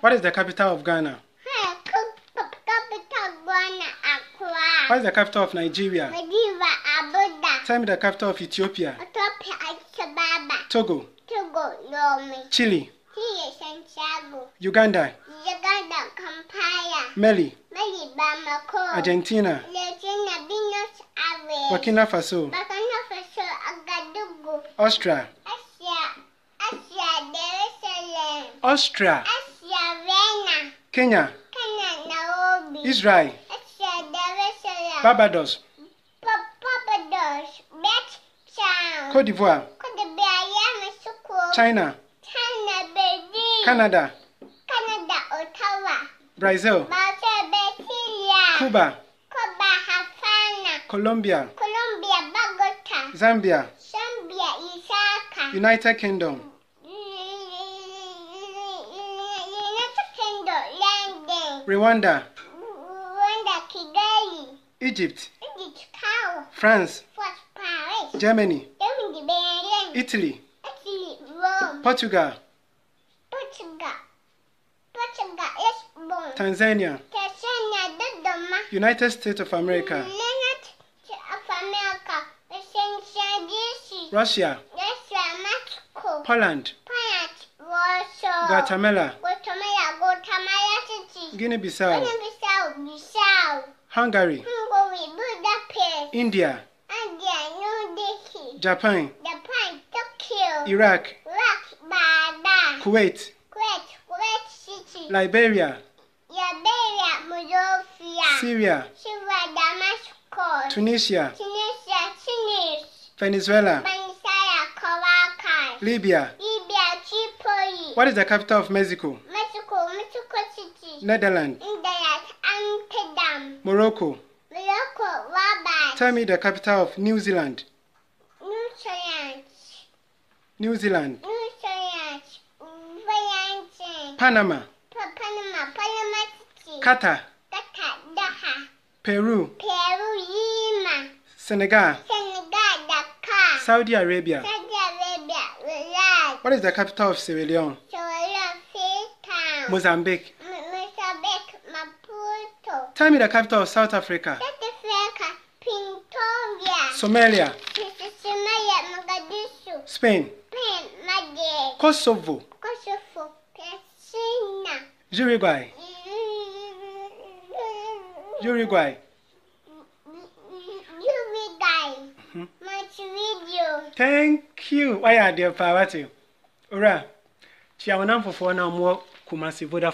What is the capital of Ghana? Hmm, what is the capital of Nigeria? Nigeria, Abuja. Tell me the capital of Ethiopia. Ethiopia, Addis Ababa. Togo. Togo, Lome. Chile. Chile, Santiago. Uganda. Uganda, Kampala. Mali. Mali, Bamako. Argentina. Argentina, Buenos Aires. Burkina Faso. Burkina Faso, Ouagadougou. Austria. Austria. Austria, Jerusalem. Austria. Austria. Kenya, Kenya Nairobi, Israel, Barbados, Barbados, Vietnam, Côte d'Ivoire, Côte d'Ivoire, China, China, Beijing, Canada, Canada, Ottawa, Brazil, Brazil, Brasilia, Cuba, Cuba, Havana, Colombia, Colombia, Bogota, Zambia, Zambia, Isaka, United Kingdom. Rwanda. Rwanda, Kigali. Egypt. Egypt, France. France, Paris. Germany. Germany, Berlin. Italy. Italy, Rome. Portugal. Portugal. Portugal, Lisbon. Tanzania. Tanzania, Dodoma. United States of America. United States of America. Russia. Russia, Mexico. Poland. Poland, Russia. Guatemala. Guinea-Bissau. Guinea-Bissau. Bissau. Hungary. Hungary. Budapest. India. India. New Delhi. Japan. Japan. Tokyo. Iraq. Iraq. Baba. Kuwait. Kuwait. Kuwait City. Liberia. Liberia. Monrovia, Syria. Syria. Damascus. Tunisia. Tunisia. Tunis. Venezuela. Venezuela. Caracas. Libya. Libya. Tripoli. What is the capital of Mexico? Netherlands. Netherlands. Amsterdam. Morocco. Morocco. Rabat. Tell me the capital of New Zealand. New Zealand. New Zealand. New Zealand. Panama. Pa Panama. Panama City. Qatar. Qatar. Doha. Peru. Peru. Lima. Senegal. Senegal. Dakar. Saudi Arabia. Saudi Arabia. Riyadh. What is the capital of Sierra Leone? Sierra Leone. Mozambique. Maputo. Tell me the capital of South Africa. South Africa, Pretoria. Somalia. Somalia, Mogadishu. Spain. Spain, Madrid. Kosovo. Kosovo, China. Uruguay. Uruguay. Uruguay. Mm-hmm. Thank you. Why are there power to you? Ura. Chia wanamu fufuwa na umuwa kumasi voda